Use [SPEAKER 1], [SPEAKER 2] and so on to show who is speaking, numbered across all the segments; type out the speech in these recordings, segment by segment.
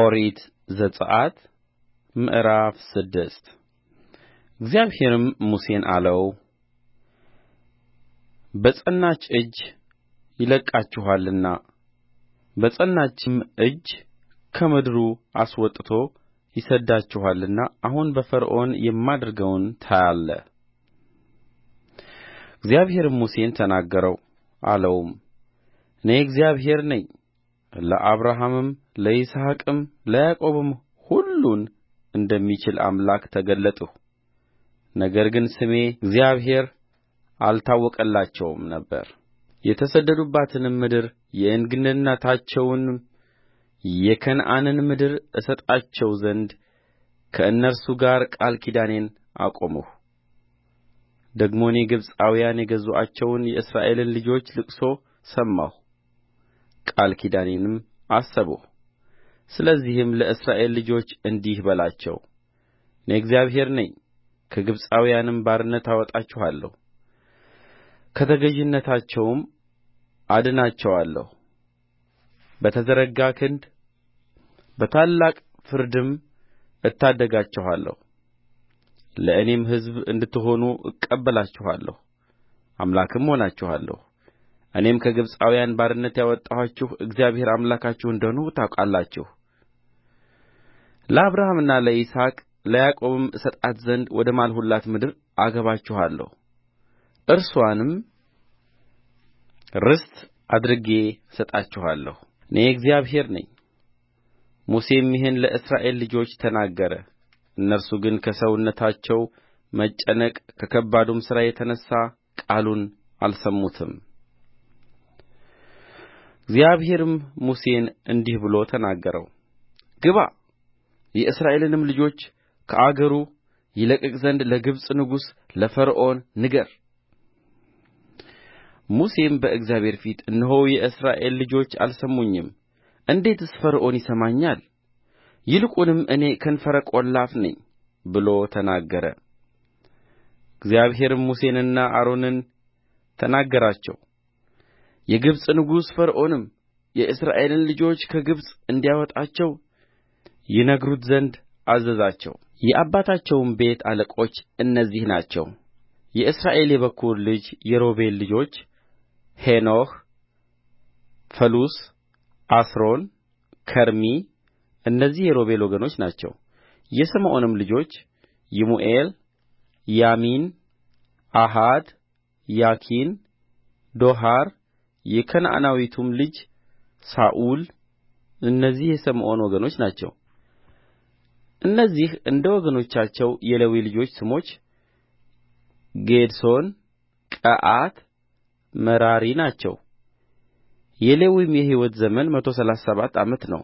[SPEAKER 1] ኦሪት ዘጽአት ምዕራፍ ስድስት እግዚአብሔርም ሙሴን አለው በጸናች እጅ ይለቅቃችኋልና በጸናችም እጅ ከምድሩ አስወጥቶ ይሰድዳችኋልና አሁን በፈርዖን የማደርገውን ታያለህ። እግዚአብሔርም ሙሴን ተናገረው አለውም እኔ እግዚአብሔር ነኝ ለአብርሃምም ለይስሐቅም ለያዕቆብም ሁሉን እንደሚችል አምላክ ተገለጥሁ ነገር ግን ስሜ እግዚአብሔር አልታወቀላቸውም ነበር የተሰደዱባትንም ምድር የእንግድነታቸውንም የከነዓንን ምድር እሰጣቸው ዘንድ ከእነርሱ ጋር ቃል ኪዳኔን አቆምሁ ደግሞ እኔ ግብፃውያን የገዙአቸውን የእስራኤልን ልጆች ልቅሶ ሰማሁ ቃል ኪዳኔንም አሰብሁ ስለዚህም ለእስራኤል ልጆች እንዲህ በላቸው እኔ እግዚአብሔር ነኝ ከግብፃውያንም ባርነት አወጣችኋለሁ ከተገዥነታቸውም አድናቸዋለሁ በተዘረጋ ክንድ በታላቅ ፍርድም እታደጋችኋለሁ ለእኔም ሕዝብ እንድትሆኑ እቀበላችኋለሁ አምላክም እሆናችኋለሁ እኔም ከግብፃውያን ባርነት ያወጣኋችሁ እግዚአብሔር አምላካችሁ እንደ ሆንሁ ታውቃላችሁ ለአብርሃምና ለይስሐቅ ለያዕቆብም እሰጣት ዘንድ ወደ ማልሁላት ምድር አገባችኋለሁ እርስዋንም ርስት አድርጌ እሰጣችኋለሁ እኔ እግዚአብሔር ነኝ ሙሴም ይህን ለእስራኤል ልጆች ተናገረ እነርሱ ግን ከሰውነታቸው መጨነቅ ከከባዱም ሥራ የተነሣ ቃሉን አልሰሙትም እግዚአብሔርም ሙሴን እንዲህ ብሎ ተናገረው ግባ የእስራኤልንም ልጆች ከአገሩ ይለቅቅ ዘንድ ለግብፅ ንጉሥ ለፈርዖን ንገር ሙሴም በእግዚአብሔር ፊት እነሆ የእስራኤል ልጆች አልሰሙኝም እንዴትስ ፈርዖን ይሰማኛል ይልቁንም እኔ ከንፈረ ቈላፍ ነኝ ብሎ ተናገረ እግዚአብሔርም ሙሴንና አሮንን ተናገራቸው የግብፅ ንጉሥ ፈርዖንም የእስራኤልን ልጆች ከግብፅ እንዲያወጣቸው ይነግሩት ዘንድ አዘዛቸው የአባታቸውም ቤት አለቆች እነዚህ ናቸው የእስራኤል የበኵር ልጅ የሮቤል ልጆች ሄኖኅ ፈሉስ አስሮን ከርሚ እነዚህ የሮቤል ወገኖች ናቸው የስምዖንም ልጆች ይሙኤል ያሚን ኦሃድ ያኪን ዶሐር የከነዓናዊቱም ልጅ ሳኡል እነዚህ የስምዖን ወገኖች ናቸው እነዚህ እንደ ወገኖቻቸው የሌዊ ልጆች ስሞች ጌድሶን ቀዓት ሜራሪ ናቸው የሌዊም የሕይወት ዘመን መቶ ሠላሳ ሰባት ዓመት ነው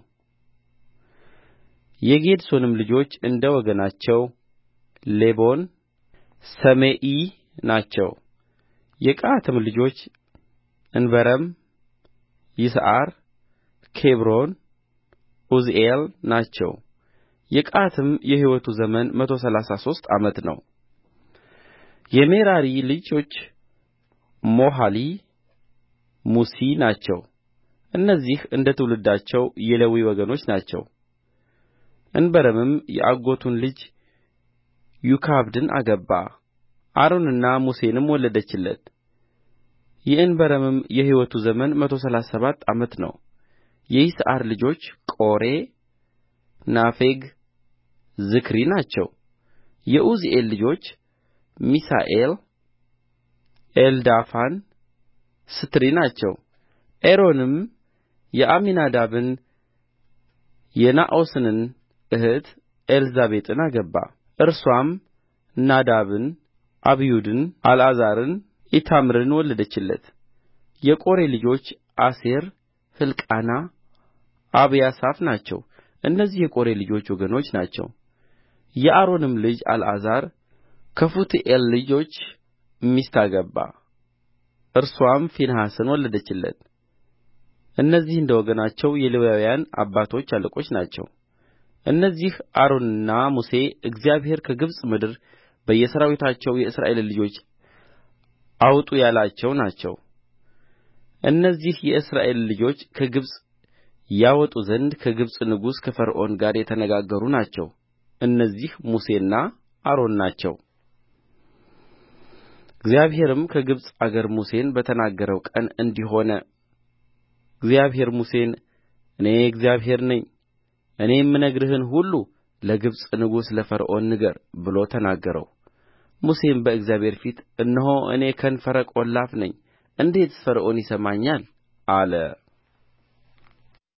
[SPEAKER 1] የጌድሶንም ልጆች እንደ ወገናቸው ሌቦን ሰሜኢ ናቸው የቀዓትም ልጆች እንበረም ይስዓር ኬብሮን ዑዝኤል ናቸው የቀዓትም የሕይወቱ ዘመን መቶ ሠላሳ ሦስት ዓመት ነው የሜራሪ ልጆች ሞሖሊ ሙሲ ናቸው እነዚህ እንደ ትውልዳቸው የሌዊ ወገኖች ናቸው እንበረምም የአጎቱን ልጅ ዮካብድን አገባ አሮንንና ሙሴንም ወለደችለት የእንበረምም የሕይወቱ ዘመን መቶ ሠላሳ ሰባት ዓመት ነው የይስዓር ልጆች ቆሬ ናፌግ ዝክሪ ናቸው የዑዝኤል ልጆች ሚሳኤል ኤልዳፋን ስትሪ ናቸው አሮንም የአሚናዳብን የናኦስንን እህት ኤልዛቤጥን አገባ እርስዋም ናዳብን አብዩድን አልዓዛርን ኢታምርን ወለደችለት የቆሬ ልጆች አሴር ሕልቃና አብያሳፍ ናቸው እነዚህ የቆሬ ልጆች ወገኖች ናቸው የአሮንም ልጅ አልዓዛር ከፉትኤል ልጆች ሚስት አገባ እርስዋም ፊንሐስን ወለደችለት እነዚህ እንደ ወገናቸው የሌዋውያን አባቶች አለቆች ናቸው እነዚህ አሮንና ሙሴ እግዚአብሔር ከግብፅ ምድር በየሠራዊታቸው የእስራኤልን ልጆች አውጡ ያላቸው ናቸው እነዚህ የእስራኤል ልጆች ከግብፅ ያወጡ ዘንድ ከግብፅ ንጉሥ ከፈርዖን ጋር የተነጋገሩ ናቸው እነዚህ ሙሴና አሮን ናቸው እግዚአብሔርም ከግብፅ አገር ሙሴን በተናገረው ቀን እንዲህ ሆነ እግዚአብሔር ሙሴን እኔ እግዚአብሔር ነኝ እኔ የምነግርህን ሁሉ ለግብፅ ንጉሥ ለፈርዖን ንገር ብሎ ተናገረው ሙሴም በእግዚአብሔር ፊት እነሆ እኔ ከንፈረ ቈላፍ ነኝ እንዴትስ ፈርዖን ይሰማኛል አለ